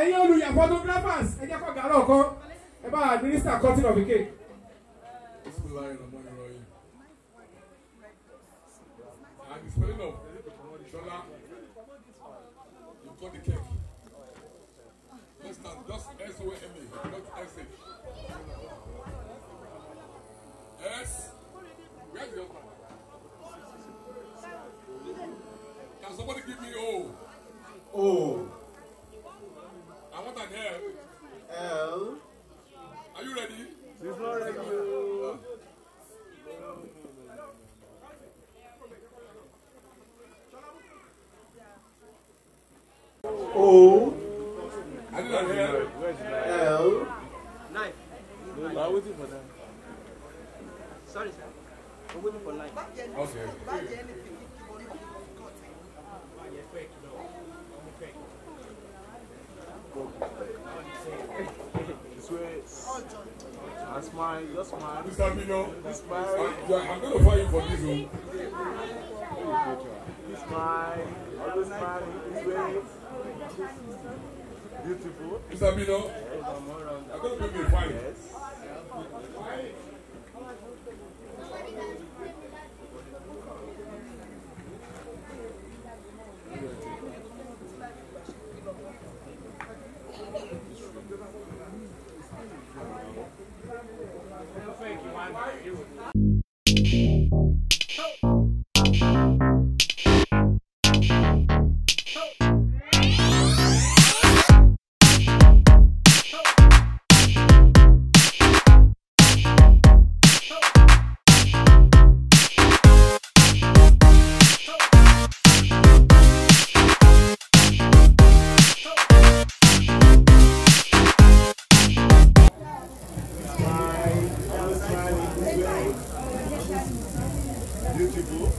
ẹ̀yin olùyà photographers ẹ jẹ́ kó gàrọ̀ kan ẹ bá administer cutting of the cake. just S-O-M-A, e, not S-H. it's not ready. O. L. Knife. I'm waiting for that. Sorry, sir. I'm waiting for knife. Okay. okay swear and smile, just smile. Mr. Mino, smile. I'm going to fight you for this one. Smile, always smile, this way. Beautiful. Mr. Mino, yes, I'm going to make you fight. Yes.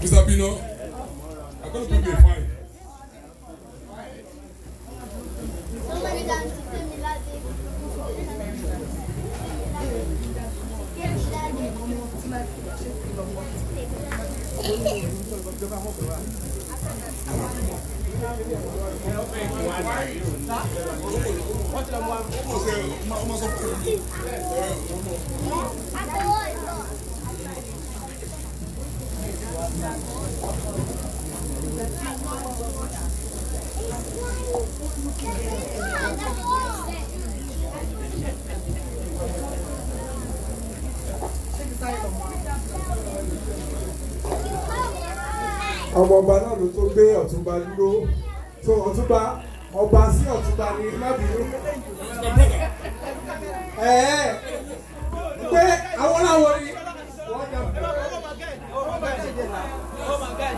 Mr. Bino, I don't give a fine. Ọmọ sọ fún mi ọmọ ọba náà ló tó gbé ọ̀túnba dúró tó ọ̀túnba ọba sí ọ̀túnba ní lábìrú ẹ̀ẹ́ pé àwọn làwọn ni wọ́n dà bẹ́ẹ̀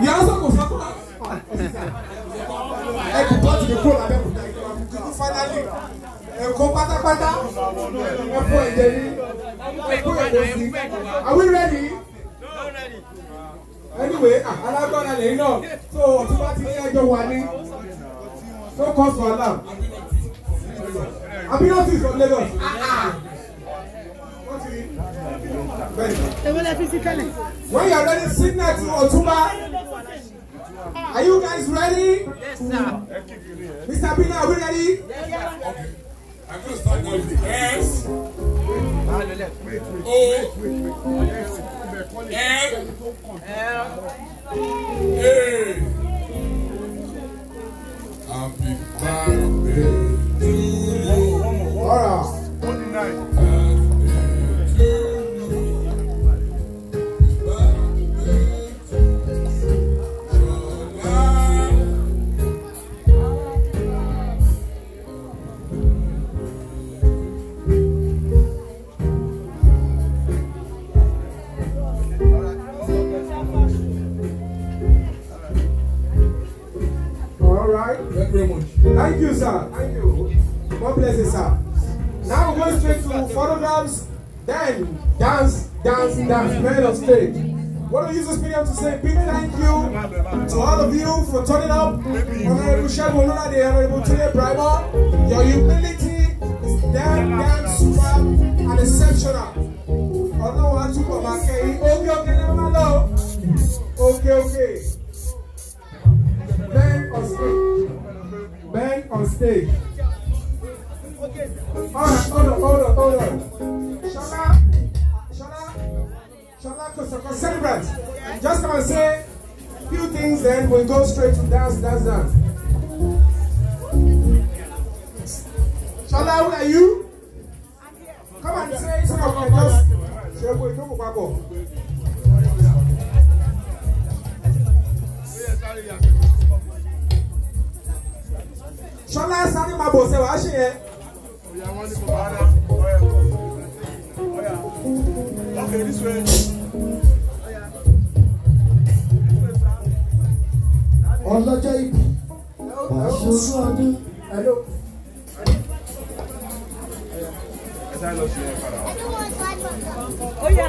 yà á sọ̀kò sọ́kùnà ẹ̀kú pọ́ọ̀tì ní kúrò lábẹ́kúta ìjọba you fáínálì ẹ̀kọ́ eh, pátápátá ẹ̀fọ́ ẹ̀jẹ̀ ní ẹ̀kọ́ ẹ̀jẹ̀ sí are we ready? anyway ah, alágbára lẹ́yìn náà tó ọtí bá ti ní ẹjọ́ wà ní no cause for alarm abinati is from Lagos. physically. When you are ready, signal to Otumba. Are you guys ready? Yes, sir. Mr. Bina, are we ready? Yes, okay. I'm going to start with S. O. M. L. A. I'm sir. Thank you. More blessings, sir. Now we're going straight to photographs, then dance, dance, dance, man of stage. What I use this medium to say big thank you to all of you for turning up. Honorable Shaboluna, the Honorable Tony Briber. Your humility is damn, damn super and exceptional. mistake. Okay. Alright, on, hold on, hold on, hold on. Shala, Shala, Shala, Kosoko, celebrants. Just come and say a few things, then we'll go straight to dance, dance, dance. Shala, who are you? Come and say some of my girls. Shebo, Itoku, Kwako. Yeah, sorry, Ṣọlá sáré máa bò ṣe wàá ṣe yẹn. Okay, this way. ọlọ́jọ́ ìbí àṣojú ọdún. Ó yá.